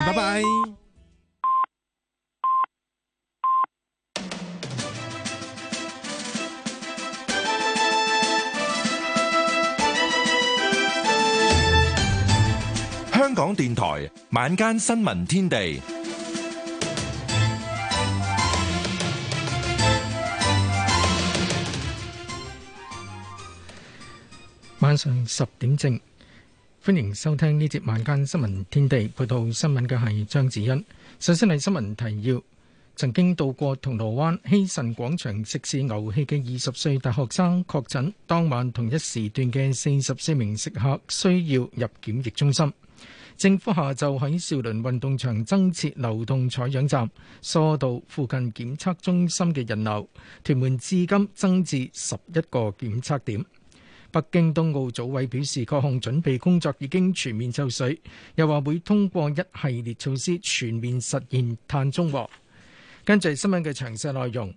拜拜！香港電台，晚間新聞天地，晚上十點正。歡迎收聽呢節《晚間新聞天地》，報道新聞嘅係張子欣。首先係新聞提要：曾經到過銅鑼灣希慎廣場食肆牛氣嘅二十歲大學生確診，當晚同一時段嘅四十四名食客需要入檢疫中心。政府下晝喺兆麟運動場增設流動採樣站，疏導附近檢測中心嘅人流。屯門至今增至十一個檢測點。北京冬奧組委表示，各項準備工作已經全面就緒，又話會通過一系列措施全面實現碳中和。跟住新聞嘅詳細內容，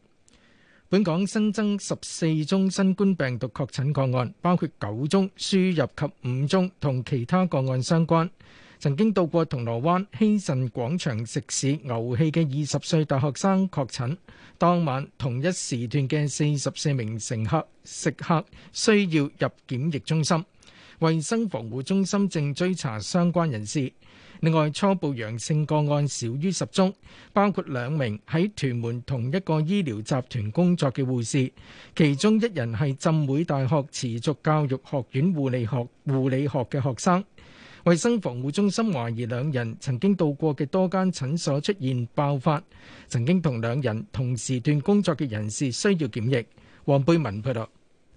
本港新增十四宗新冠病毒確診個案，包括九宗輸入及五宗同其他個案相關。曾經到過銅鑼灣希慎廣場食肆牛氣嘅二十歲大學生確診，當晚同一時段嘅四十四名乘客食客需要入檢疫中心。衛生防護中心正追查相關人士。另外，初步陽性個案少於十宗，包括兩名喺屯門同一個醫療集團工作嘅護士，其中一人係浸會大學持續教育學院護理學護理學嘅學生。衛生防護中心懷疑兩人曾經到過嘅多間診所出現爆發，曾經同兩人同時段工作嘅人士需要檢疫。黃貝文報道。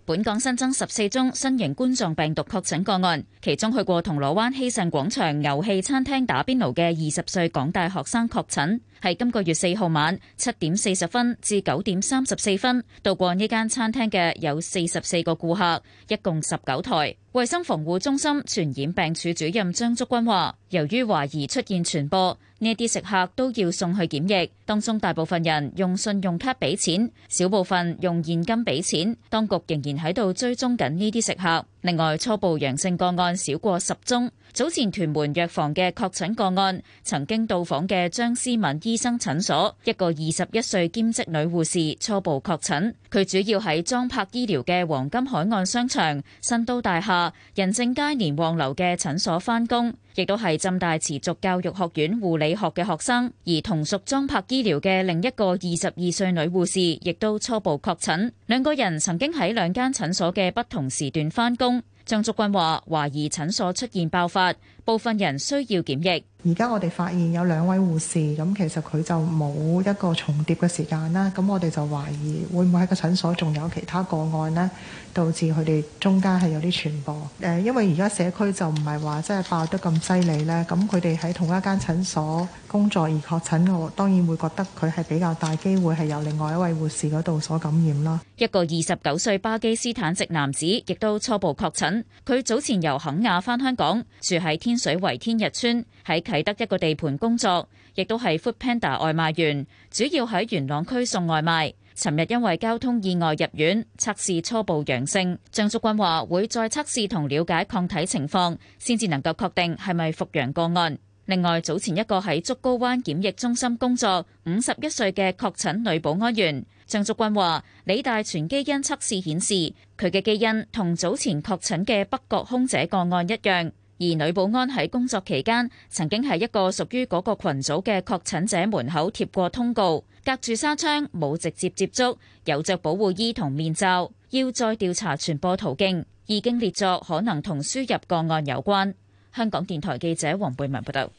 本港新增十四宗新型冠狀病毒確診個案，其中去過銅鑼灣希慎廣場牛氣餐廳打邊爐嘅二十歲港大學生確診，喺今個月四號晚七點四十分至九點三十四分到過呢間餐廳嘅有四十四個顧客，一共十九台。衛生防護中心傳染病處主任張竹君話，由於懷疑出現傳播，呢啲食客都要送去檢疫。當中大部分人用信用卡俾錢，少部分用現金俾錢。當局仍然喺度追蹤緊呢啲食客。另外，初步陽性個案少過十宗。早前屯門藥房嘅確診個案，曾經到訪嘅張思敏醫生診所，一個二十一歲兼職女護士初步確診。佢主要喺莊柏醫療嘅黃金海岸商場、新都大廈、仁政街連旺樓嘅診所返工，亦都係浸大持續教育學院護理學嘅學生，而同屬莊柏醫。醫療嘅另一個二十二歲女護士亦都初步確診，兩個人曾經喺兩間診所嘅不同時段返工。張竹君話懷疑診所出現爆發。部分人需要檢疫。而家我哋發現有兩位護士，咁其實佢就冇一個重疊嘅時間啦。咁我哋就懷疑會唔會喺個診所仲有其他個案咧，導致佢哋中間係有啲傳播。誒，因為而家社區就唔係話即係爆得咁犀利咧。咁佢哋喺同一間診所工作而確診，我當然會覺得佢係比較大機會係由另外一位護士嗰度所感染啦。一個二十九歲巴基斯坦籍男子亦都初步確診，佢早前由肯亞翻香港，住喺天。水圍天日村，喺啟德一個地盤工作，亦都係 Food Panda 外賣員，主要喺元朗區送外賣。尋日因為交通意外入院，測試初步陽性。張竹君話會再測試同了解抗體情況，先至能夠確定係咪復陽個案。另外，早前一個喺竹篙灣檢疫中心工作五十一歲嘅確診女保安員，張竹君話李大全基因測試顯示佢嘅基因同早前確診嘅北角空姐個案一樣。而女保安喺工作期間曾經喺一個屬於嗰個羣組嘅確診者門口貼過通告，隔住紗窗，冇直接接觸，有着保護衣同面罩，要再調查傳播途徑，已經列作可能同輸入個案有關，香港電台記者黃貝文報道。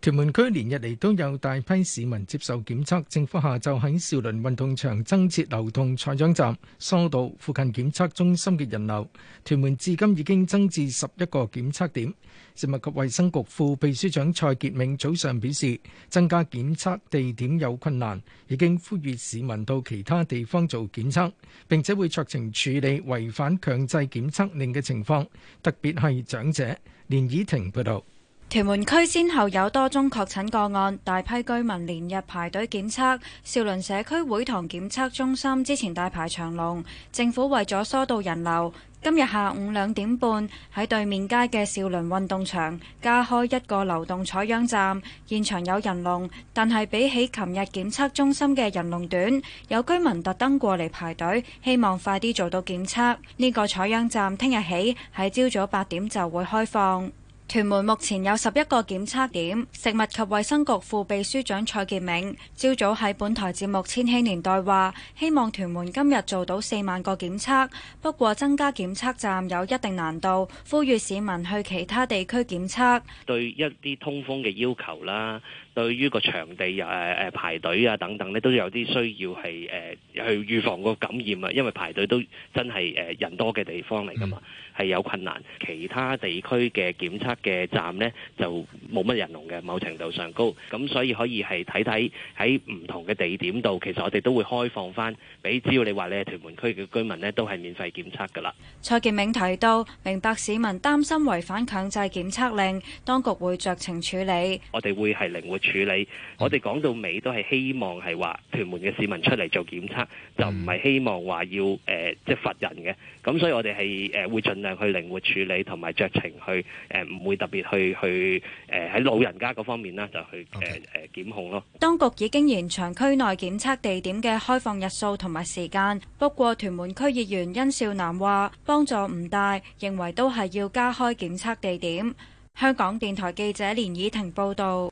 屯門區連日嚟都有大批市民接受檢測，政府下晝喺兆麟運動場增設流動採樣站，疏導附近檢測中心嘅人流。屯門至今已經增至十一個檢測點。食物及衛生局副秘書長蔡潔明早上表示，增加檢測地點有困難，已經呼籲市民到其他地方做檢測，並且會酌情處理違反強制檢測令嘅情況，特別係長者。連倚婷報道。屯門區先後有多宗確診個案，大批居民連日排隊檢測。兆麟社區會堂檢測中心之前大排長龍，政府為咗疏導人流，今日下午兩點半喺對面街嘅兆麟運動場加開一個流動採樣站，現場有人龍，但係比起琴日檢測中心嘅人龍短。有居民特登過嚟排隊，希望快啲做到檢測。呢個採樣站聽日起喺朝早八點就會開放。屯門目前有十一個檢測點，食物及衛生局副秘書長蔡潔明朝早喺本台節目《千禧年代》話，希望屯門今日做到四萬個檢測，不過增加檢測站有一定難度，呼籲市民去其他地區檢測。對一啲通風嘅要求啦。對於個場地誒誒排隊啊等等咧，都有啲需要係誒去預防個感染啊，因為排隊都真係誒人多嘅地方嚟噶嘛，係有困難。其他地區嘅檢測嘅站咧就冇乜人龍嘅，某程度上高，咁所以可以係睇睇喺唔同嘅地點度，其實我哋都會開放翻俾，只要你話你係屯門區嘅居民咧，都係免費檢測噶啦。蔡建明提到，明白市民擔心違反強制檢測令，當局會酌情處理。我哋會係靈活處理、嗯、我哋講到尾都係希望係話屯門嘅市民出嚟做檢測，就唔係希望話要誒即係罰人嘅。咁所以我哋係誒會盡量去靈活處理，同埋酌情去誒，唔會、呃、特別去去誒喺老人家嗰方面咧就去誒誒 Okay.、呃、檢控咯。當局已經延長區內檢測地點嘅開放日數同埋時間，不過屯門區議員殷少南話幫助唔大，認為都係要加開檢測地點。香港電台記者連以婷報導。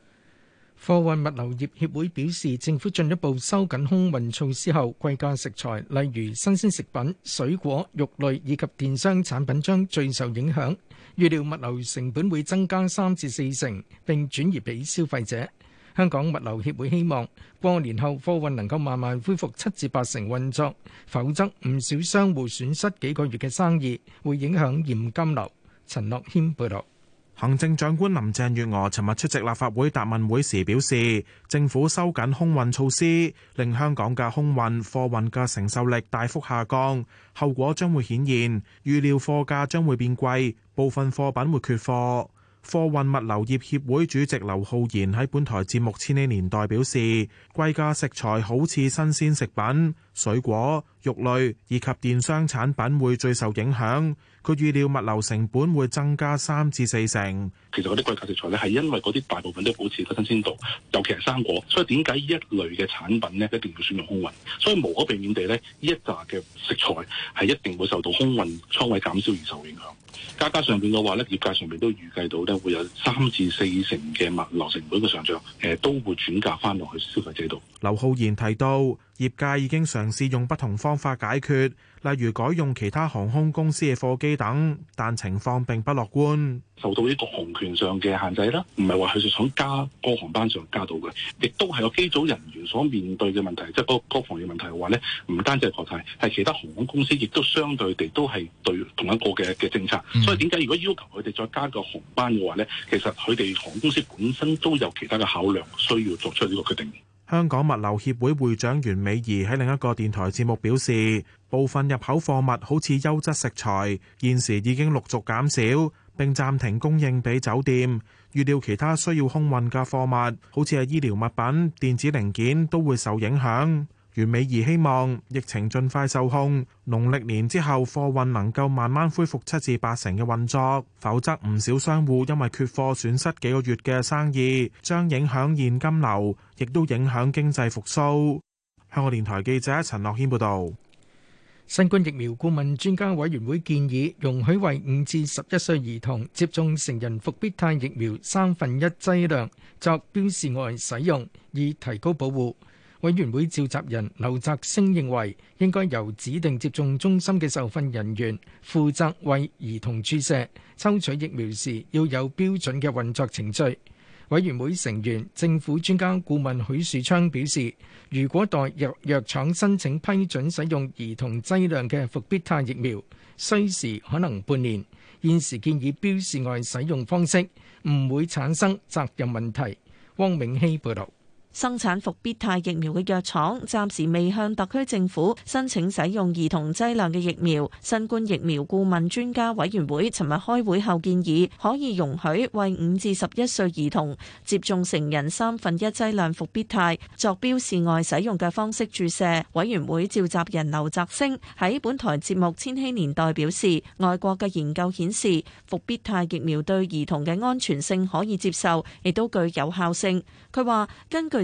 貨運物流業協會表示，政府進一步收緊空運措施後，貴價食材例如新鮮食品、水果、肉類以及電商產品將最受影響。預料物流成本會增加三至四成，並轉移畀消費者。香港物流協會希望過年後貨運能夠慢慢恢復七至八成運作，否則唔少商戶損失幾個月嘅生意，會影響現金流。陳樂謙報道。行政長官林鄭月娥尋日出席立法會答問會時表示，政府收緊空運措施，令香港嘅空運貨運嘅承受力大幅下降，後果將會顯現，預料貨價將會變貴，部分貨品會缺貨。貨運物流業協會主席劉浩然喺本台節目《千禧年代》表示，貴價食材好似新鮮食品、水果、肉類以及電商產品會最受影響。佢預料物流成本會增加三至四成。其實嗰啲貴價食材咧，係因為嗰啲大部分都保持得新鮮度，尤其係生果。所以點解一類嘅產品咧，一定要選用空運？所以無可避免地咧，呢一紮嘅食材係一定會受到空運倉位減少而受影響。加加上邊嘅話咧，業界上面都預計到咧，會有三至四成嘅物流成本嘅上漲，誒都會轉嫁翻落去消費者度。劉浩然提到。業界已經嘗試用不同方法解決，例如改用其他航空公司嘅貨機等，但情況並不樂觀。受到呢個航權上嘅限制啦，唔係話佢哋想加個航班上加到嘅，亦都係個機組人員所面對嘅問題，即係嗰個嗰個防疫問題嘅話咧，唔單止係國泰，係其他航空公司亦都相對地都係對同一個嘅嘅政策。Mm hmm. 所以點解如果要求佢哋再加個航班嘅話咧，其實佢哋航空公司本身都有其他嘅考量，需要作出呢個決定。香港物流協會會長袁美儀喺另一個電台節目表示，部分入口貨物好似優質食材，現時已經陸續減少並暫停供應俾酒店。預料其他需要空運嘅貨物，好似係醫療物品、電子零件，都會受影響。袁美儀希望疫情盡快受控。農曆年之後，貨運能夠慢慢恢復七至八成嘅運作，否則唔少商戶因為缺貨，損失幾個月嘅生意，將影響現金流，亦都影響經濟復甦。香港電台記者陳樂謙報道。新冠疫苗顧問專家委員會建議容許為五至十一歲兒童接種成人復必泰疫苗三分一劑量作標示外使用，以提高保護。委員會召集人劉澤星認為，應該由指定接種中心嘅受訓人員負責為兒童注射，抽取疫苗時要有標準嘅運作程序。委員會成員、政府專家顧問許樹昌表示，如果代藥、藥廠申請批准使用兒童劑量嘅復必泰疫苗，需時可能半年。現時建議標示外使用方式，唔會產生責任問題。汪永熙報導。生產復必泰疫苗嘅藥廠暫時未向特區政府申請使用兒童劑量嘅疫苗。新冠疫苗顧問專家委員會尋日開會後建議，可以容許為五至十一歲兒童接種成人三分一劑量復必泰，作標示外使用嘅方式注射。委員會召集人劉澤星喺本台節目《千禧年代》表示，外國嘅研究顯示，復必泰疫苗對兒童嘅安全性可以接受，亦都具有效性。佢話根據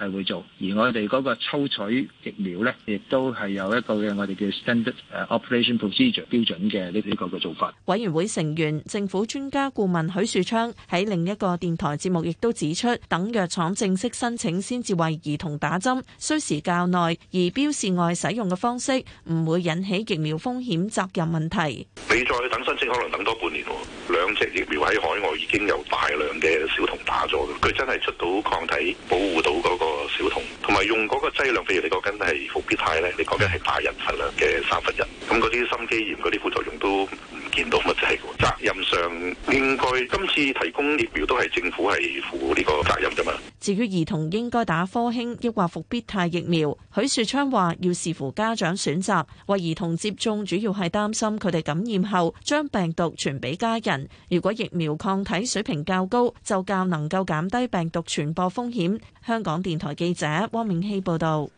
係會做，而我哋嗰個抽取疫苗呢，亦都係有一個嘅我哋叫 standard operation procedure 標準嘅呢呢個嘅做法。委員會成員、政府專家顧問許樹昌喺另一個電台節目亦都指出，等藥廠正式申請先至為兒童打針，需時較耐，而標示外使用嘅方式唔會引起疫苗風險責任問題。你再等申請，可能等多半年喎。兩隻疫苗喺海外已經有大量嘅小童打咗，佢真係出到抗體，保護到嗰個，個小童，同埋用嗰個劑量，譬如你講緊係伏必泰咧，你講緊係大人份量嘅三分一，咁嗰啲心肌炎嗰啲副作用都唔見到乜滯。責任上應該今次提供疫苗都係政府係負呢個責任啫嘛。至於兒童應該打科興抑或伏必泰疫苗，許樹昌話要視乎家長選擇，為兒童接種主要係擔心佢哋感染後將病毒傳俾家人。如果疫苗抗體水平較高，就較能夠減低病毒傳播風險，香港電。台記者汪明希報道。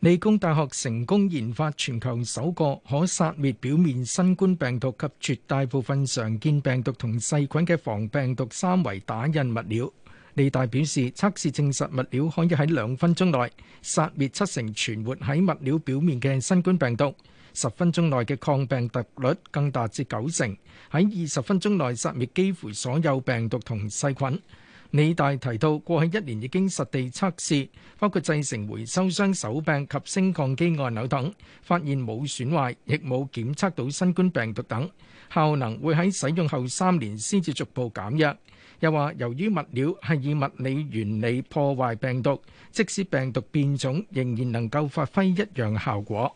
理工大學成功研發全球首個可殺滅表面新冠病毒及絕大部分常見病毒同細菌嘅防病毒三維打印物料。理大表示，測試證實物料可以喺兩分鐘內殺滅七成存活喺物料表面嘅新冠病毒，十分鐘內嘅抗病毒率更達至九成，喺二十分鐘內殺滅幾乎所有病毒同細菌。理大提到，過去一年已經實地測試，包括製成回收箱、手柄及升降機按鈕等，發現冇損壞，亦冇檢測到新冠病毒等。效能會喺使用後三年先至逐步減弱。又話由於物料係以物理原理破壞病毒，即使病毒變種仍然能夠發揮一樣效果。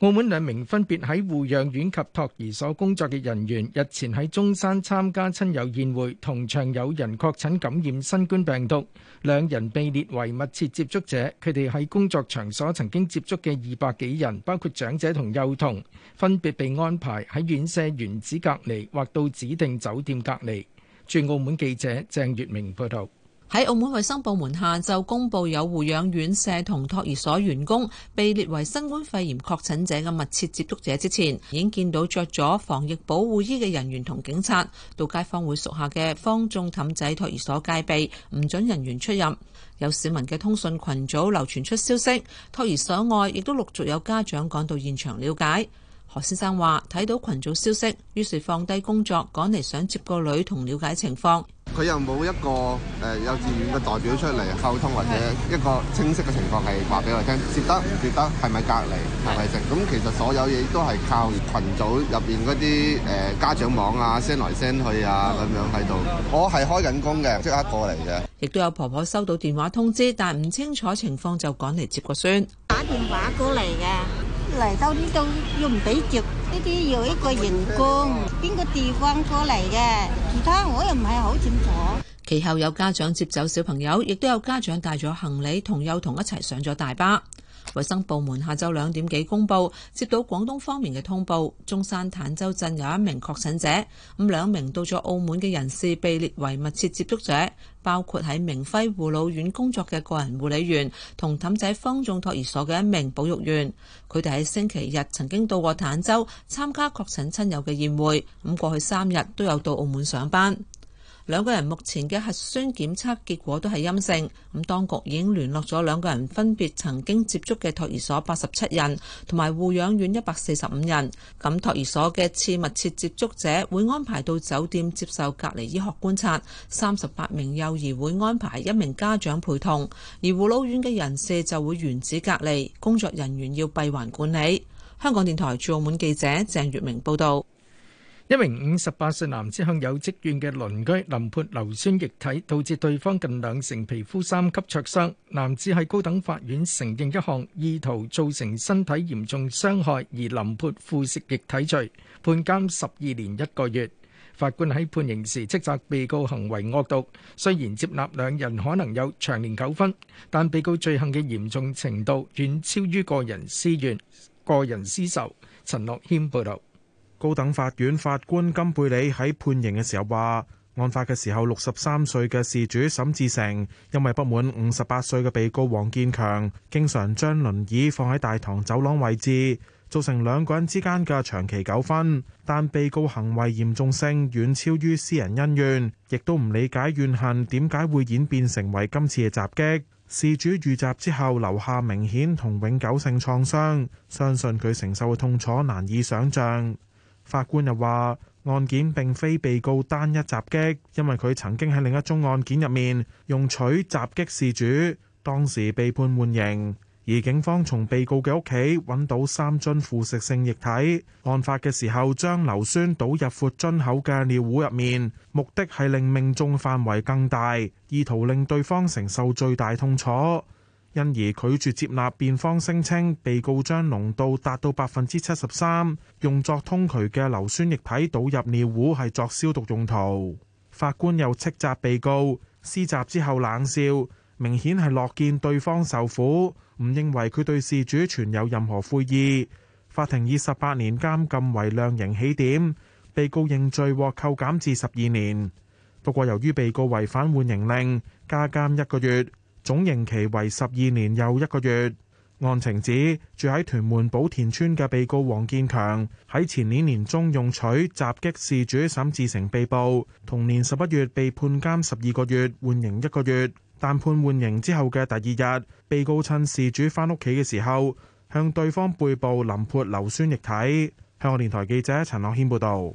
澳門兩名分別喺護養院及托兒所工作嘅人員，日前喺中山參加親友宴會，同場有人確診感染新冠病毒，兩人被列為密切接觸者。佢哋喺工作場所曾經接觸嘅二百幾人，包括長者同幼童，分別被安排喺院舍原址隔離或到指定酒店隔離。駐澳門記者鄭月明報道。喺澳門衛生部門下晝公布有護養院舍同托兒所員工被列為新冠肺炎確診者嘅密切接觸者之前，已經見到着咗防疫保護衣嘅人員同警察到街坊會屬下嘅方仲氹仔托兒所戒備，唔准人員出入。有市民嘅通訊群組流傳出消息，托兒所外亦都陸續有家長趕到現場了解。何先生話：睇到群組消息，於是放低工作趕嚟，想接個女同了解情況。佢又冇一個誒幼稚園嘅代表出嚟溝通，或者一個清晰嘅情況係話俾我聽，接得唔接得，係咪隔離，係咪先？咁其實所有嘢都係靠群組入邊嗰啲誒家長網啊，send 來 send 去啊，咁樣喺度。我係開緊工嘅，即刻過嚟嘅。亦都有婆婆收到電話通知，但唔清楚情況就趕嚟接個孫。打電話過嚟嘅。嚟到呢度又唔俾接呢啲，要一個員工邊個地方過嚟嘅，其他我又唔係好清楚。其後有家長接走小朋友，亦都有家長帶咗行李同幼童一齊上咗大巴。衛生部門下晝兩點幾公布，接到廣東方面嘅通報，中山坦洲鎮有一名確診者，咁兩名到咗澳門嘅人士被列為密切接觸者，包括喺明輝護老院工作嘅個人護理員同氹仔方眾托兒所嘅一名保育員，佢哋喺星期日曾經到過坦洲參加確診親友嘅宴會，咁過去三日都有到澳門上班。兩個人目前嘅核酸檢測結果都係陰性，咁當局已經聯絡咗兩個人分別曾經接觸嘅托兒所八十七人，同埋護養院一百四十五人。咁托兒所嘅次密切接觸者會安排到酒店接受隔離醫學觀察，三十八名幼兒會安排一名家長陪同，而護老院嘅人士就會原址隔離，工作人員要閉環管理。香港電台駐澳門記者鄭月明報道。一名五十八歲男子向有積怨嘅鄰居淋潑硫酸液體，導致對方近兩成皮膚三級灼傷。男子喺高等法院承認一項意圖造成身體嚴重傷害而淋潑腐蝕液體罪，判監十二年一個月。法官喺判刑時斥責被告行為惡毒，雖然接納兩人可能有長年糾紛，但被告罪行嘅嚴重程度遠超於個人私怨、個人私仇。陳樂軒報導。高等法院法官金貝里喺判刑嘅時候話：案發嘅時候，六十三歲嘅事主沈志成因為不滿五十八歲嘅被告黃建強經常將輪椅放喺大堂走廊位置，造成兩個人之間嘅長期糾紛。但被告行為嚴重性遠超於私人恩怨，亦都唔理解怨恨點解會演變成為今次嘅襲擊。事主遇襲之後留下明顯同永久性創傷，相信佢承受嘅痛楚難以想象。法官又話：案件並非被告單一襲擊，因為佢曾經喺另一宗案件入面用錘襲擊事主，當時被判緩刑。而警方從被告嘅屋企揾到三樽腐蝕性液體，案發嘅時候將硫酸倒入闊樽口嘅尿壺入面，目的係令命中範圍更大，意圖令對方承受最大痛楚。因而拒絕接納辯方聲稱，被告將濃度達到百分之七十三、用作通渠嘅硫酸液體倒入尿壺係作消毒用途。法官又斥責被告，施襲之後冷笑，明顯係樂見對方受苦，唔認為佢對事主存有任何悔意。法庭以十八年監禁為量刑起點，被告認罪獲扣減至十二年。不過由於被告違反緩刑令，加監一個月。總刑期為十二年又一個月。案情指住喺屯門寶田村嘅被告黃建強喺前年年中用錘襲擊事主沈志成，被捕。同年十一月被判監十二個月，緩刑一個月。但判緩刑之後嘅第二日，被告趁事主翻屋企嘅時候，向對方背部淋潑硫酸液體。香港電台記者陳樂軒報道。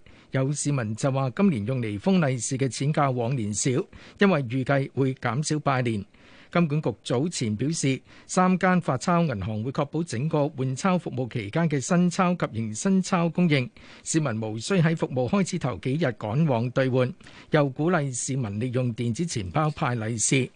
有市民就話：今年用嚟封利是嘅錢較往年少，因為預計會減少拜年。金管局早前表示，三間發鈔銀行會確保整個換鈔服務期間嘅新鈔及迎新鈔供應，市民無需喺服務開始頭幾日趕往兌換，又鼓勵市民利用電子錢包派利是。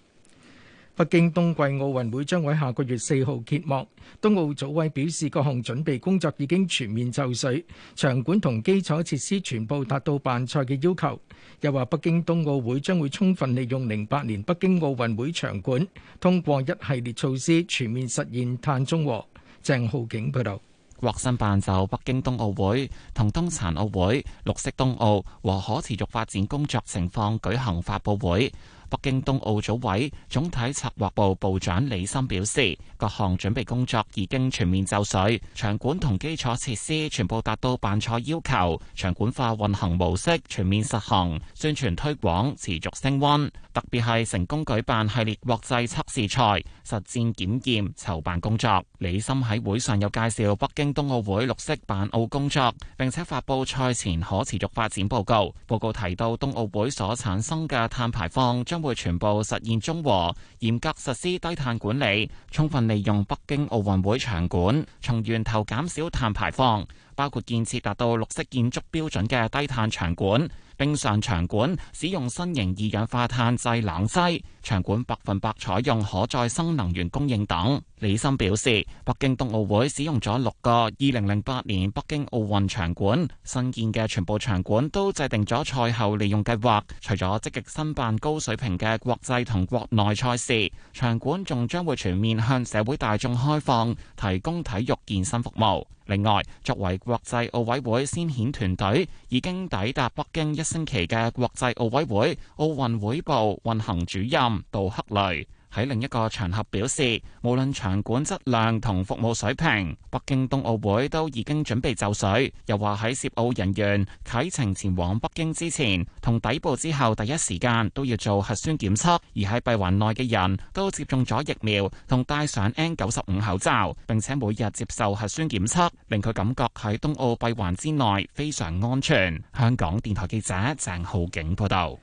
北京冬季奧運會將會下個月四號揭幕，冬奧組委表示各項準備工作已經全面就緒，場館同基礎設施全部達到辦賽嘅要求。又話北京冬奧會將會充分利用零八年北京奧運會場館，通過一系列措施全面實現碳中和。鄭浩景報導，國新辦就北京冬奧會同冬殘奧會綠色冬奧和可持續發展工作情況舉行發佈會。北京冬奧組委總體策劃部部長李森表示，各項準備工作已經全面就緒，場館同基礎設施全部達到辦賽要求，場館化運行模式全面實行，宣傳推廣持續升溫。特別係成功舉辦系列國際測試賽、實戰檢驗、籌辦工作。李森喺會上有介紹北京冬奧會綠色辦奧工作，並且發布賽前可持續發展報告。報告提到，冬奧會所產生嘅碳排放將會全部實現中和，嚴格實施低碳管理，充分利用北京奧運會場館，從源頭減少碳排放，包括建設達到綠色建築標準嘅低碳場館。冰上場館使用新型二氧化碳製冷劑，場館百分百採用可再生能源供應等。李森表示，北京冬奧會使用咗六個二零零八年北京奧運場館，新建嘅全部場館都制定咗賽後利用計劃，除咗積極申辦高水平嘅國際同國內賽事，場館仲將會全面向社會大眾開放，提供體育健身服務。另外，作為國際奧委會先遣團隊，已經抵達北京一星期嘅國際奧委會奧運會部運行主任杜克雷，喺另一個場合表示，無論場館質量同服務水平，北京冬奧會都已經準備就緒。又話喺涉奧人員啟程前往北京之前同抵埗之後第一時間都要做核酸檢測，而喺閉環內嘅人都接種咗疫苗，同戴上 N 九十五口罩，並且每日接受核酸檢測，令佢感覺喺冬奧閉環之內非常安全。香港電台記者鄭浩景報道。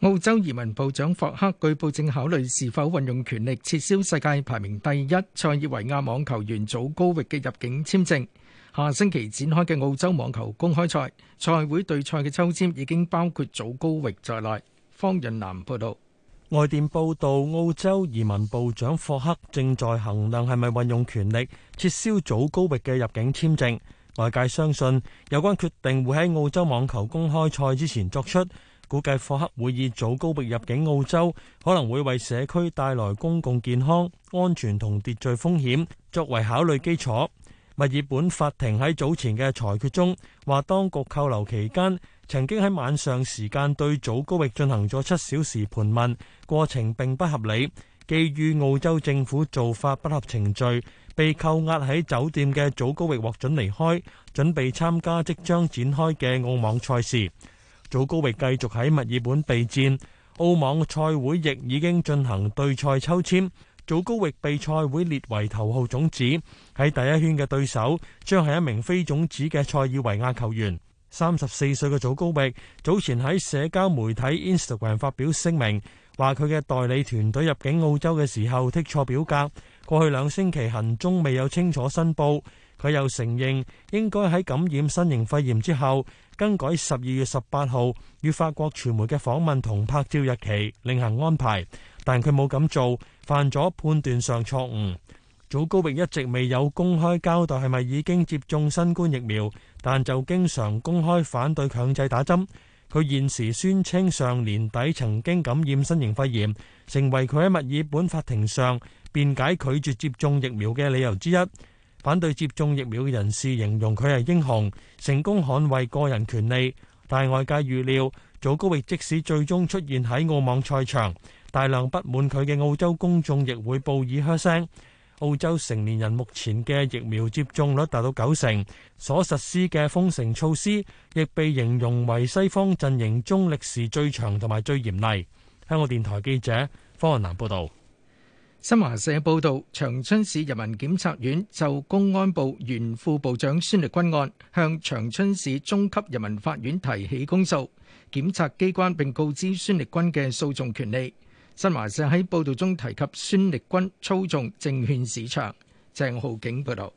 澳洲移民部長霍克據報正考慮是否運用權力撤銷世界排名第一塞爾維亞網球員祖高域嘅入境簽證。下星期展開嘅澳洲網球公開賽賽會對賽嘅抽簽已經包括祖高域在內。方潤南報道。外電報道，澳洲移民部長霍克正在衡量係咪運用權力撤銷祖高域嘅入境簽證。外界相信有關決定會喺澳洲網球公開賽之前作出。估計霍克會以祖高域入境澳洲可能會為社區帶來公共健康安全同秩序風險作為考慮基礎，墨爾本法庭喺早前嘅裁決中話當局扣留期間曾經喺晚上時間對祖高域進行咗七小時盤問過程並不合理。基於澳洲政府做法不合程序，被扣押喺酒店嘅祖高域獲准離開準備參加即將展開嘅澳網賽事。祖高域繼續喺墨爾本備戰，澳網賽會亦已經進行對賽抽簽。祖高域被賽會列為頭號種子，喺第一圈嘅對手將係一名非種子嘅塞爾維亞球員。三十四歲嘅祖高域早前喺社交媒體 Instagram 發表聲明，話佢嘅代理團隊入境澳洲嘅時候剔錯表格。過去兩星期行蹤未有清楚申報，佢又承認應該喺感染新型肺炎之後。更改十二月十八號與法國傳媒嘅訪問同拍照日期，另行安排。但佢冇咁做，犯咗判斷上錯誤。祖高域一直未有公開交代係咪已經接種新冠疫苗，但就經常公開反對強制打針。佢現時宣稱上年底曾經感染新型肺炎，成為佢喺墨爾本法庭上辯解拒絕接種疫苗嘅理由之一。反對接種疫苗嘅人士形容佢係英雄，成功捍衞個人權利。但外界預料，祖高域即使最終出現喺澳網賽場，大量不滿佢嘅澳洲公眾亦會報以噓聲。澳洲成年人目前嘅疫苗接種率達到九成，所實施嘅封城措施亦被形容為西方陣營中歷時最長同埋最嚴厲。香港電台記者方雲南報道。新華社報道，長春市人民檢察院就公安部原副部長孫力軍案向長春市中級人民法院提起公訴，檢察機關並告知孫力軍嘅訴訟權利。新華社喺報道中提及孫力軍操縱證券市場。鄭浩景報道，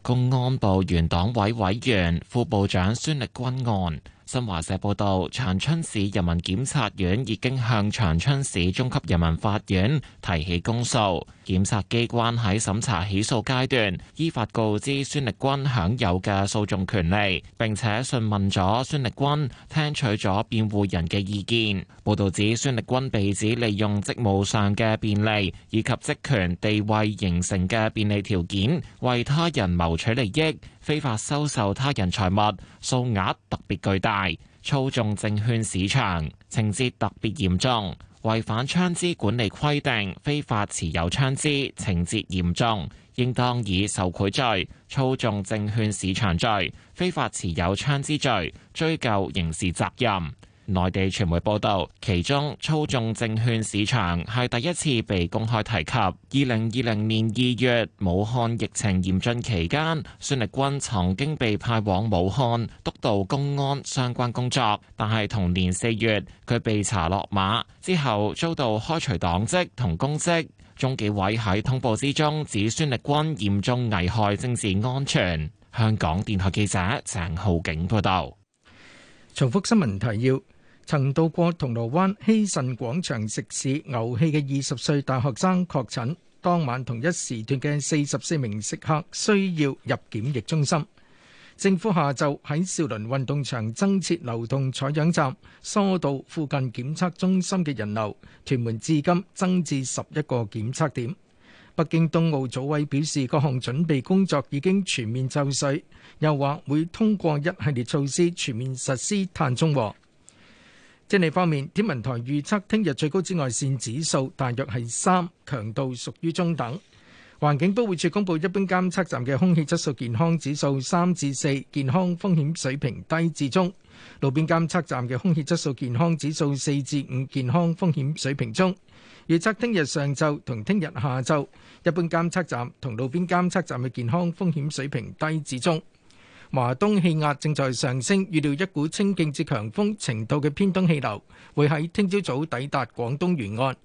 公安部原黨委委員、副部長孫力軍案。新華社報道，長春市人民檢察院已經向長春市中級人民法院提起公訴。檢察機關喺審查起訴階段，依法告知孫力軍享有嘅訴訟權利，並且詢問咗孫力軍，聽取咗辯護人嘅意見。報道指，孫力軍被指利用職務上嘅便利以及職權地位形成嘅便利條件，為他人謀取利益。非法收受他人財物，數額特別巨大，操縱證券市場，情節特別嚴重，違反槍支管理規定，非法持有槍支，情節嚴重，應當以受賄罪、操縱證券市場罪、非法持有槍支罪追究刑事責任。內地傳媒報道，其中操縱證券市場係第一次被公開提及。二零二零年二月，武漢疫情嚴峻期間，孫力軍曾經被派往武漢督導公安相關工作，但係同年四月，佢被查落馬，之後遭到開除黨籍同公職。中紀委喺通報之中指孫力軍嚴重危害政治安全。香港電台記者鄭浩景報道。重複新聞提要。曾到過銅鑼灣希慎廣場食肆牛氣嘅二十歲大學生確診，當晚同一時段嘅四十四名食客需要入檢疫中心。政府下晝喺兆麟運動場增設流動採樣站，疏導附近檢測中心嘅人流。屯門至今增至十一個檢測點。北京冬奧組委表示，各項準備工作已經全面就緒，又話會通過一系列措施全面實施碳中和。天氣方面，天文台預測聽日最高紫外線指數大約係三，強度屬於中等。環境保護署公布一般監測站嘅空氣質素健康指數三至四，健康風險水平低至中；路邊監測站嘅空氣質素健康指數四至五，健康風險水平中。預測聽日上晝同聽日下晝，一般監測站同路邊監測站嘅健康風險水平低至中。華東氣壓正在上升，預料一股清勁至強風程度嘅偏東氣流會喺聽朝早抵達廣東沿岸。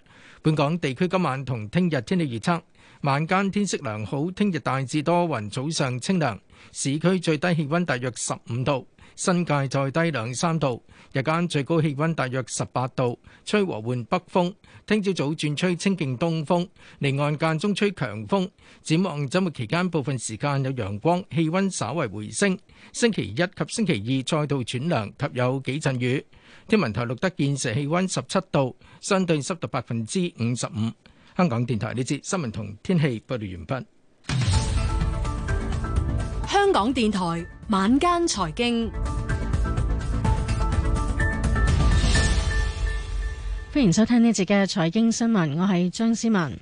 本港地區今晚同聽日天氣預測：晚間天色良好，聽日大致多雲，早上清涼，市區最低氣温大約十五度。新界再低兩三度，日間最高氣温大約十八度，吹和緩北風。聽朝早轉吹清勁東風，離岸間中吹強風。展望周末期間，部分時間有陽光，氣温稍為回升。星期一及星期二再度轉涼及有幾陣雨。天文台錄得現時氣温十七度，相對濕度百分之五十五。香港電台呢節新聞同天氣報道完畢。香港電台晚間財經，歡迎收聽呢一節嘅財經新聞，我係張思文。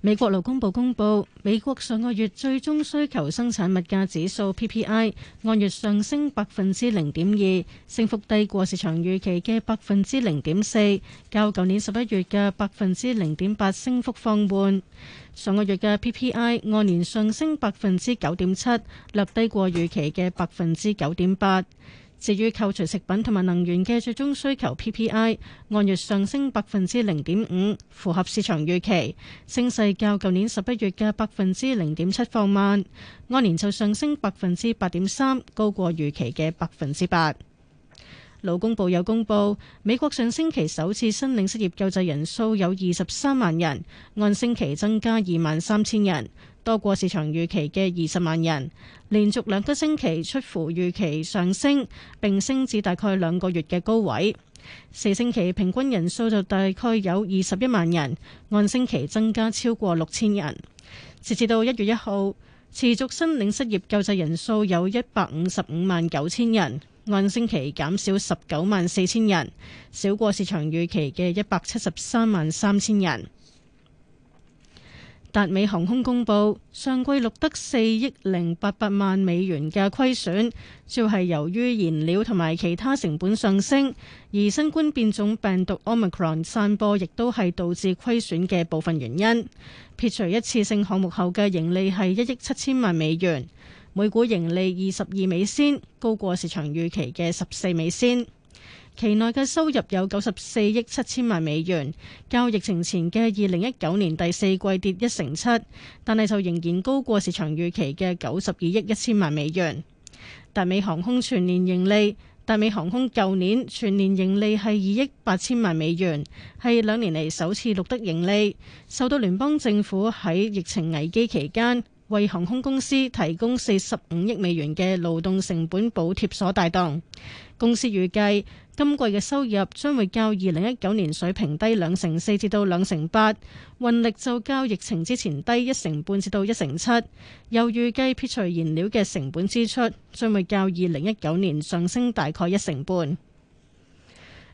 美國勞工部公布，美國上個月最終需求生產物價指數 PPI 按月上升百分之零點二，升幅低過市場預期嘅百分之零點四，較舊年十一月嘅百分之零點八升幅放緩。上個月嘅 PPI 按年上升百分之九點七，略低過預期嘅百分之九點八。至於扣除食品同埋能源嘅最終需求 PPI，按月上升百分之零點五，符合市場預期。升勢較舊年十一月嘅百分之零點七放慢，按年就上升百分之八點三，高過預期嘅百分之八。勞工部有公布，美國上星期首次申領失業救濟人數有二十三萬人，按星期增加二萬三千人，多過市場預期嘅二十萬人，連續兩個星期出乎預期上升，並升至大概兩個月嘅高位。四星期平均人數就大概有二十一萬人，按星期增加超過六千人。截至到一月一號，持續申領失業救濟人數有一百五十五萬九千人。按星期減少十九萬四千人，少過市場預期嘅一百七十三萬三千人。達美航空公布上季錄得四億零八百萬美元嘅虧損，主要係由於燃料同埋其他成本上升，而新冠變種病毒 Omicron 散播亦都係導致虧損嘅部分原因。撇除一次性項目後嘅盈利係一億七千萬美元。每股盈利二十二美仙，高過市場預期嘅十四美仙。期內嘅收入有九十四億七千萬美元，較疫情前嘅二零一九年第四季跌一成七，但係就仍然高過市場預期嘅九十二億一千萬美元。達美航空全年盈利，達美航空舊年全年盈利係二億八千萬美元，係兩年嚟，首次錄得盈利，受到聯邦政府喺疫情危機期間。為航空公司提供四十五億美元嘅勞動成本補貼所帶動，公司預計今季嘅收入將會較二零一九年水平低兩成四至到兩成八，8, 運力就較疫情之前低一成半至到一成七。7, 又預計撇除燃料嘅成本支出，將會較二零一九年上升大概一成半。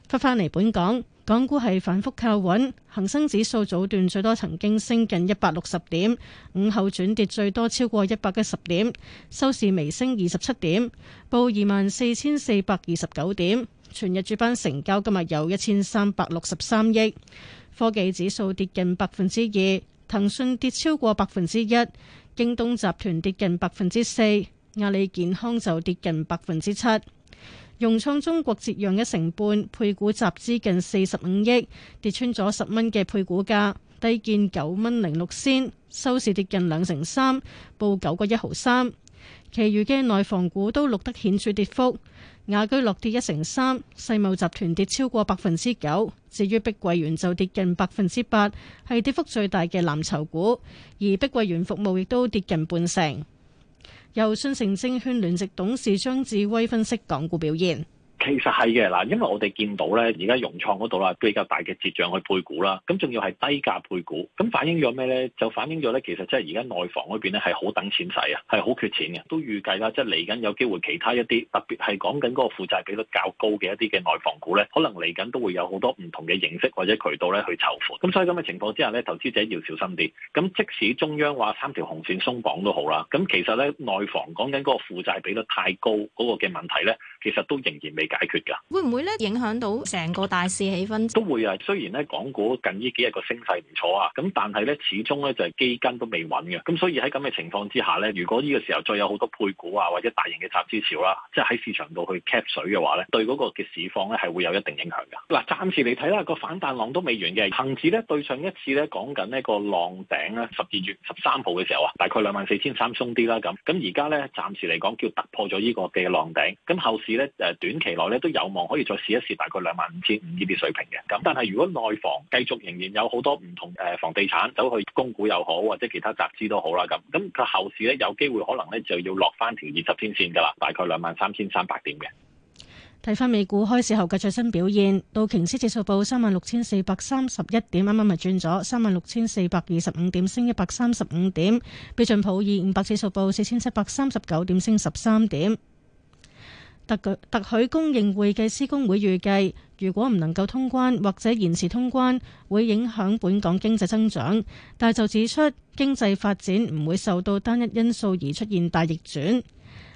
返返嚟本港。港股係反覆靠穩，恒生指數早段最多曾經升近一百六十點，午後轉跌最多超過一百一十點，收市微升二十七點，報二萬四千四百二十九點。全日主板成交今日有一千三百六十三億。科技指數跌近百分之二，騰訊跌超過百分之一，京東集團跌近百分之四，阿里健康就跌近百分之七。融創中國折讓一成半，配股集資近四十五億，跌穿咗十蚊嘅配股價，低見九蚊零六仙，收市跌近兩成三，報九個一毫三。其餘嘅內房股都錄得顯著跌幅，雅居樂跌一成三，世茂集團跌超過百分之九，至於碧桂園就跌近百分之八，係跌幅最大嘅藍籌股，而碧桂園服務亦都跌近半成。由信誠證券聯席董事張志威分析港股表現。其實係嘅嗱，因為我哋見到咧，而家融創嗰度啦比較大嘅折讓去配股啦，咁仲要係低價配股，咁反映咗咩咧？就反映咗咧，其實即係而家內房嗰邊咧係好等錢使啊，係好缺錢嘅，都預計啦，即係嚟緊有機會其他一啲特別係講緊嗰個負債比率較高嘅一啲嘅內房股咧，可能嚟緊都會有好多唔同嘅形式或者渠道咧去籌款。咁所以咁嘅情況之下咧，投資者要小心啲。咁即使中央話三條紅線鬆綁都好啦，咁其實咧內房講緊嗰個負債比率太高嗰個嘅問題咧，其實都仍然未解決噶，會唔會咧影響到成個大市氣氛？都會啊！雖然咧港股近呢幾日個升勢唔錯啊，咁但係咧始終咧就係基金都未穩嘅，咁所以喺咁嘅情況之下咧，如果呢個時候再有好多配股啊或者大型嘅集資潮啦，即係喺市場度去 cap 水嘅話咧，對嗰個嘅市況咧係會有一定影響嘅。嗱，暫時嚟睇啦，個反彈浪都未完嘅。恒指咧對上一次咧講緊呢個浪頂咧，十二月十三號嘅時候啊，大概兩萬四千三鬆啲啦，咁咁而家咧暫時嚟講叫突破咗呢個嘅浪頂，咁後市咧誒短期來都有望可以再試一試大概兩萬五千五呢啲水平嘅，咁但係如果內房繼續仍然有好多唔同誒房地產走去供股又好或者其他集資都好啦，咁咁個後市呢，有機會可能呢就要落翻條二十天線噶啦，大概兩萬三千三百點嘅。睇翻美股開市後嘅最新表現，道瓊斯指數報三萬六千四百三十一點，啱啱咪轉咗三萬六千四百二十五點，升一百三十五點；標準普爾五百指數報四千七百三十九點，升十三點。特特許公認會計師公會預計，如果唔能夠通關或者延遲通關，會影響本港經濟增長。但就指出經濟發展唔會受到單一因素而出現大逆轉。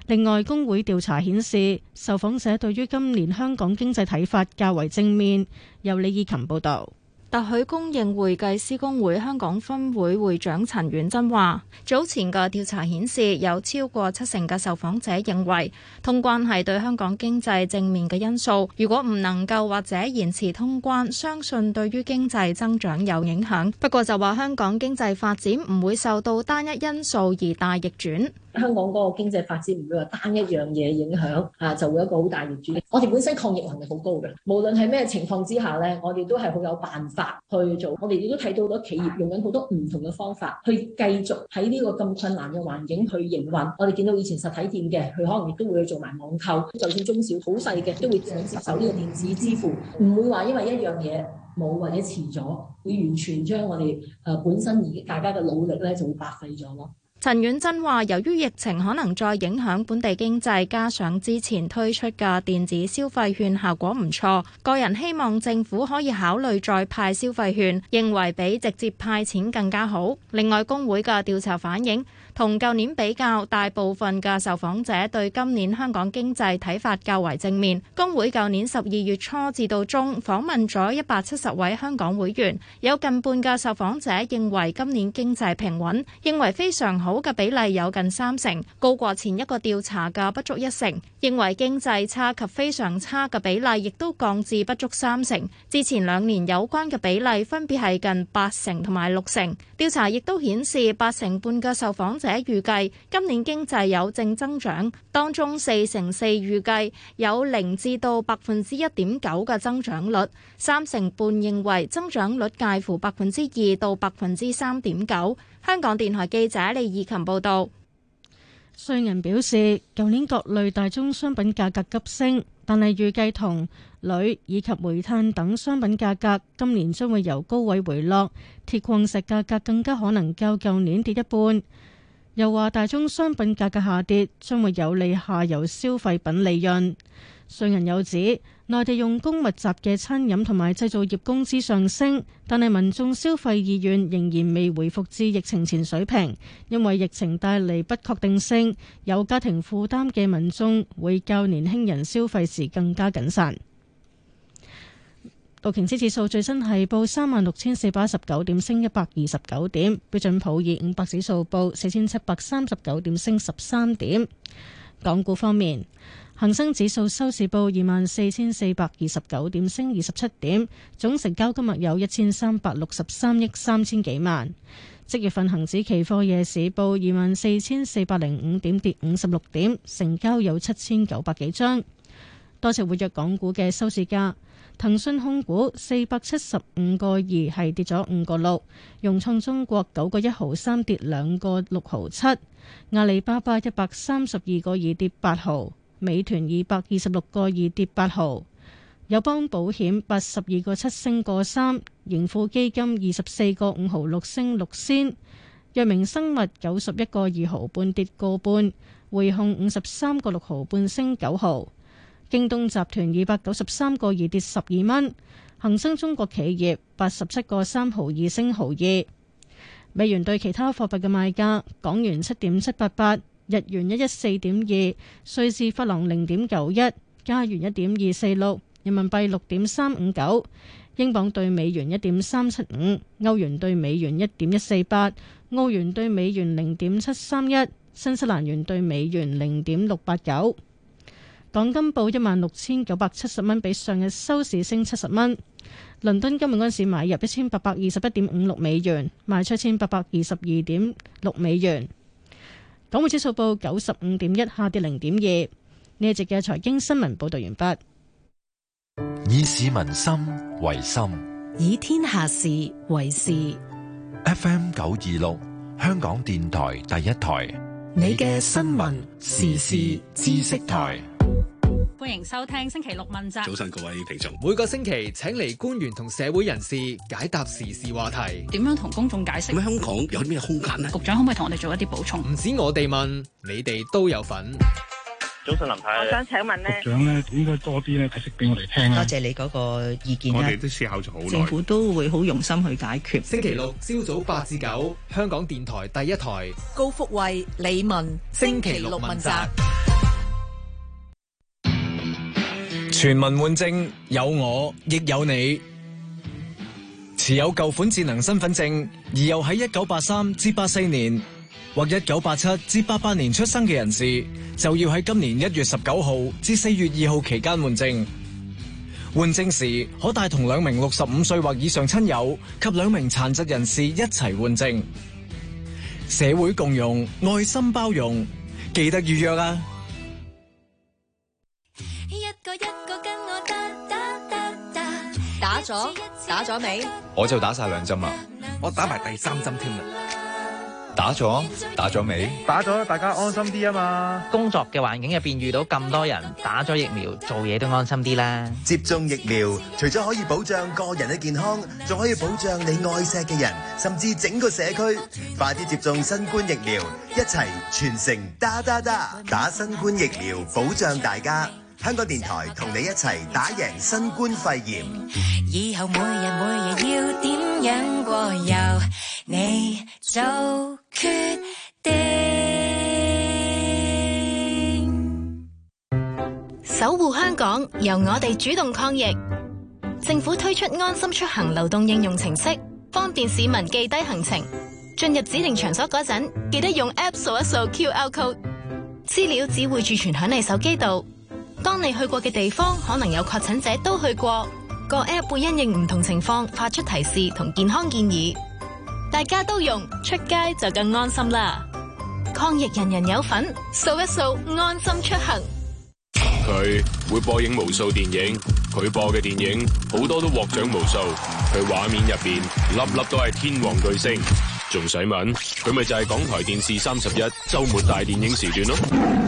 另外，工會調查顯示，受訪者對於今年香港經濟睇法較為正面。由李以琴報導。特許公認會計師公會香港分會會長陳婉珍話：早前嘅調查顯示，有超過七成嘅受訪者認為通關係對香港經濟正面嘅因素。如果唔能夠或者延遲通關，相信對於經濟增長有影響。不過就話香港經濟發展唔會受到單一因素而大逆轉。香港嗰個經濟發展唔會話單一樣嘢影響嚇，就會一個好大嘅轉變。我哋本身抗疫能力好高嘅，無論係咩情況之下咧，我哋都係好有辦法去做。我哋亦都睇到好多企業用緊好多唔同嘅方法，去繼續喺呢個咁困難嘅環境去營運。我哋見到以前實體店嘅，佢可能亦都會去做埋網購，就算中小好細嘅都會想接受呢個電子支付，唔會話因為一樣嘢冇或者遲咗，會完全將我哋誒本身已大家嘅努力咧就會白費咗咯。陳婉珍話，由於疫情可能再影響本地經濟，加上之前推出嘅電子消費券效果唔錯，個人希望政府可以考慮再派消費券，認為比直接派錢更加好。另外，工會嘅調查反映，同舊年比較，大部分嘅受訪者對今年香港經濟睇法較為正面。工會舊年十二月初至到中訪問咗一百七十位香港會員，有近半嘅受訪者認為今年經濟平穩，認為非常好嘅比例有近三成，高過前一個調查嘅不足一成。認為經濟差及非常差嘅比例亦都降至不足三成，之前兩年有關嘅比例分別係近八成同埋六成。調查亦都顯示八成半嘅受訪者。者預計今年經濟有正增長，當中四成四預計有零至到百分之一點九嘅增長率，三成半認為增長率介乎百分之二到百分之三點九。香港電台記者李以琴報道，商人表示，舊年各類大宗商品價格急升，但係預計銅、鋁以及煤炭等商品價格今年將會由高位回落，鐵礦石價格更加可能較舊年跌一半。又話大宗商品價格下跌將會有利下游消費品利潤。瑞銀有指，內地用工密集嘅餐飲同埋製造業工資上升，但係民眾消費意願仍然未回復至疫情前水平，因為疫情帶嚟不確定性，有家庭負擔嘅民眾會較年輕人消費時更加謹慎。道瓊斯指數最新係報三萬六千四百一十九點，升一百二十九點。標準普爾五百指數報四千七百三十九點，升十三點。港股方面，恒生指數收市報二萬四千四百二十九點，升二十七點。總成交今日有一千三百六十三億三千幾萬。即月份恒指期貨夜市報二萬四千四百零五點，跌五十六點，成交有七千九百幾張。多隻活躍港股嘅收市價，騰訊控股四百七十五個二係跌咗五個六，融創中國九個一毫三跌兩個六毫七，阿里巴巴一百三十二個二跌八毫，美團二百二十六個二跌八毫，友邦保險八十二個七升個三，盈富基金二十四個五毫六升六仙，藥明生物九十一個二毫半跌個半，匯控五十三個六毫半升九毫。京東集團二百九十三個二跌十二蚊，恒生中國企業八十七個三毫二升毫二。美元對其他貨幣嘅賣價：港元七點七八八，日元一一四點二，瑞士法郎零點九一，加元一點二四六，人民幣六點三五九，英鎊對美元一點三七五，歐元對美元一點一四八，澳元對美元零點七三一，新西蘭元對美元零點六八九。港金報一萬六千九百七十蚊，比上日收市升七十蚊。倫敦今日嗰陣時買入一千八百二十一點五六美元，賣出一千八百二十二點六美元。港匯指數報九十五點一，下跌零點二。呢一節嘅財經新聞報道完畢。以市民心為心，以天下事為事。F.M. 九二六，香港電台第一台，你嘅新聞時事知識台。歡迎收聽星期六問責。早晨各位聽眾，每個星期請嚟官員同社會人士解答時事話題。點樣同公眾解釋？香港有啲咩空間咧？局長可唔可以同我哋做一啲補充？唔止我哋問，你哋都有份。早晨林太，我想請問呢局長咧應該多啲咧解釋俾我哋聽。多謝你嗰個意見。我哋都思考咗好耐，政府都會好用心去解決。星期六朝早八至九，香港電台第一台高福慧李文星，星期六問責。全民換證，有我亦有你。持有舊款智能身份證，而又喺一九八三至八四年或一九八七至八八年出生嘅人士，就要喺今年一月十九號至四月二號期間換證。換證時可帶同兩名六十五歲或以上親友及兩名殘疾人士一齊換證。社會共融，愛心包容，記得預約啊！打咗，打咗未？我就打晒兩針啦，我打埋第三針添啦。打咗，打咗未？打咗，大家安心啲啊嘛！工作嘅環境入邊遇到咁多人，打咗疫苗做嘢都安心啲啦。接種疫苗，除咗可以保障個人嘅健康，仲可以保障你愛錫嘅人，甚至整個社區。快啲接種新冠疫苗，一齊全城打打打，打新冠疫苗保障大家。香港電台同你一齊打贏新冠肺炎。以後每日每日要點樣過？由你做決定。守護香港，由我哋主動抗疫。政府推出安心出行流動應用程式，方便市民記低行程。進入指定場所嗰陣，記得用 App 掃一掃 QR code，資料只會儲存響你手機度。當你去過嘅地方可能有確診者都去過，個 App 會因應唔同情況發出提示同健康建議，大家都用，出街就更安心啦。抗疫人人有份，掃一掃安心出行。佢會播映無數電影，佢播嘅電影好多都獲獎無數，佢畫面入邊粒粒都係天王巨星，仲使問？佢咪就係港台電視三十一周末大電影時段咯。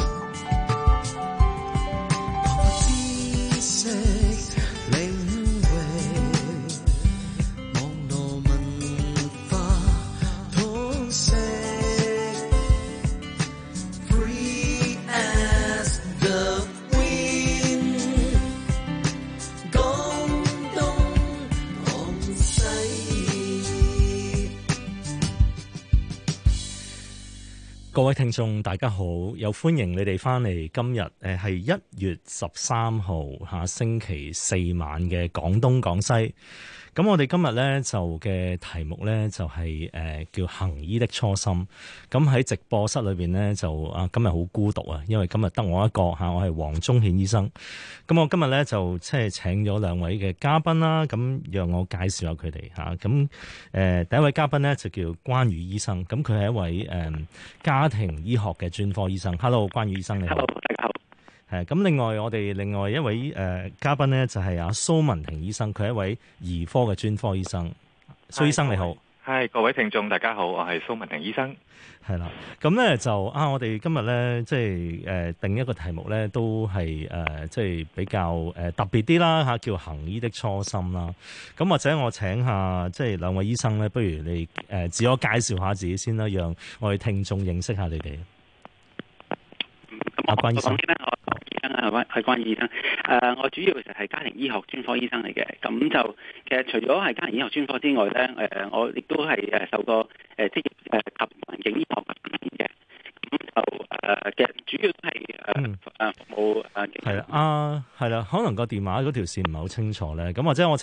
各位聽眾，大家好，又歡迎你哋返嚟。今日誒係一月十三號，下星期四晚嘅廣東廣西。咁我哋今日咧就嘅題目咧就係、是、誒、呃、叫行醫的初心。咁喺直播室裏邊咧就啊今日好孤獨啊，因為今日得我一個吓、啊，我係黃忠憲醫生。咁我今日咧就即係請咗兩位嘅嘉賓啦，咁、啊、讓我介紹下佢哋吓。咁、啊、誒、呃、第一位嘉賓咧就叫關羽醫生，咁佢係一位誒、啊呃、家庭醫學嘅專科醫生。Hello，關羽醫生你好。Hello，大家好。誒，咁另外我哋另外一位誒嘉賓咧就係阿蘇文婷醫生，佢係一位兒科嘅專科醫生。蘇醫生你好。係各位聽眾大家好，我係蘇文婷醫生。係啦，咁咧就啊，我哋今日咧即係誒定一個題目咧，都係誒即係比較誒特別啲啦吓，叫行醫的初心啦。咁或者我請下即係兩位醫生咧，不如你誒自、呃、我介紹下自己先啦，讓我哋聽眾認識下你哋。我阿關係關醫生，誒、啊，我主要其實係家庭醫學專科醫生嚟嘅，咁就其實除咗係家庭醫學專科之外咧，誒、呃，我亦都係誒受過誒職業誒及環境醫學嘅訓練嘅，咁就誒其實、呃、主要都係誒誒冇誒係啦，啊係啦、啊啊，可能個電話嗰條線唔係好清楚咧，咁或者我。